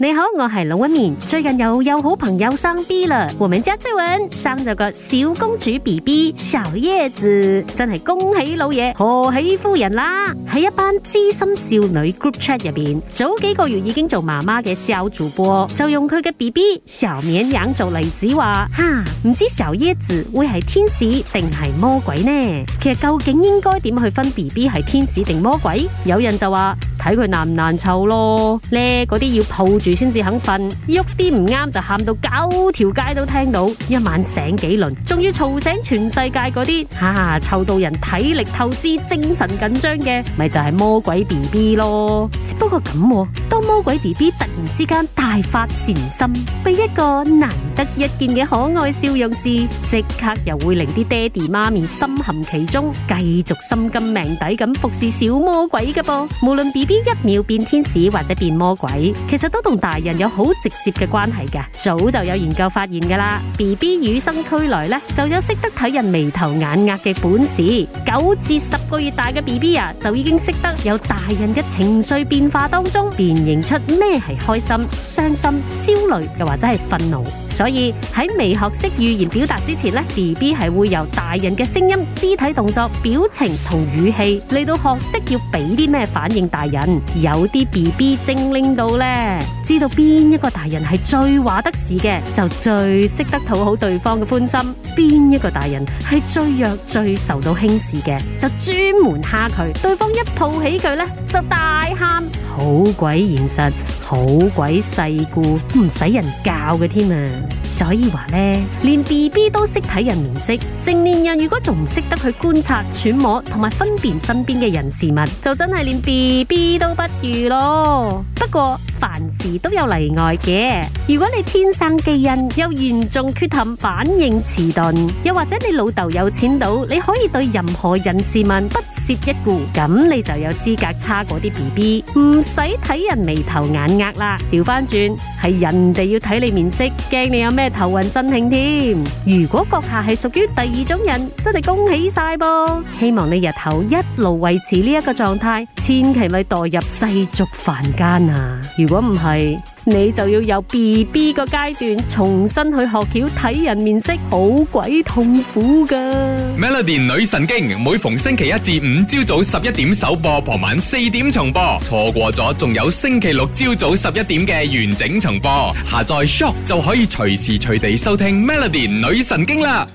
你好，我係老紋敏。最近又有好朋友生 B 啦，我們家翠文生咗個小公主 B B 小椰子，真係恭喜老爺賀喜夫人啦！喺一班知心少女 group chat 入面，早幾個月已經做媽媽嘅小主播就用佢嘅 B B 小面樣做例子話，話哈，唔知小椰子會係天使定係魔鬼呢？其實究竟應該點去分 B B 係天使定魔鬼？有人就話。睇佢難唔難湊咯？咧嗰啲要抱住先至肯瞓，喐啲唔啱就喊到九條街都聽到，一晚醒幾輪，仲要吵醒全世界嗰啲，哈、啊，湊到人體力透支、精神緊張嘅，咪就係、是、魔鬼 B B 咯。只不過咁，當魔鬼 B B 突然之間大發善心，俾一個難得一見嘅可愛笑容，事，即刻又會令啲爹哋媽咪深陷其中，繼續心甘命底咁服侍小魔鬼嘅噃。無論 B B 一秒變天使或者變魔鬼，其實都同大人有好直接嘅關係噶。早就有研究發現噶啦，B B 與生俱來咧就有識得睇人眉頭眼額嘅本事。九至十個月大嘅 B B 啊，就已經識得有大人嘅情緒變化當中，辨認出咩係開心、傷心、焦慮，又或者係憤怒。所以喺未學識語言表達之前呢，BB 係會由大人嘅聲音、肢體動作、表情同語氣嚟到學識要俾啲咩反應大人。有啲 B B 精靈到呢，知道邊一個大人係最話得事嘅，就最識得討好對方嘅歡心；邊一個大人係最弱、最受到輕視嘅，就專門蝦佢。對方一抱起佢呢，就大喊。好鬼現實，好鬼世故，唔使人教嘅添啊！所以話咧，連 B B 都識睇人面色，成年人如果仲唔識得去觀察、揣摩同埋分辨身邊嘅人事物，就真係連 B B 都不如咯。不過凡事都有例外嘅，如果你天生基因有嚴重缺陷、反應遲鈍，又或者你老豆有錢到，你可以對任何人事物不。接一顧，咁你就有資格差嗰啲 B B，唔使睇人眉頭眼額啦。調翻轉係人哋要睇你面色，驚你有咩頭暈身慶添。如果閣下係屬於第二種人，真係恭喜晒噃！希望你日頭一路維持呢一個狀態，千祈咪墮入世俗凡間啊！如果唔係，你就要有 BB 個階段重新去學曉睇人面色，好鬼痛苦㗎。Melody 女神經，每逢星期一至五朝早十一點首播，傍晚四點重播，錯過咗仲有星期六朝早十一點嘅完整重播。下載 Shock 就可以隨時隨地收聽 Melody 女神經啦。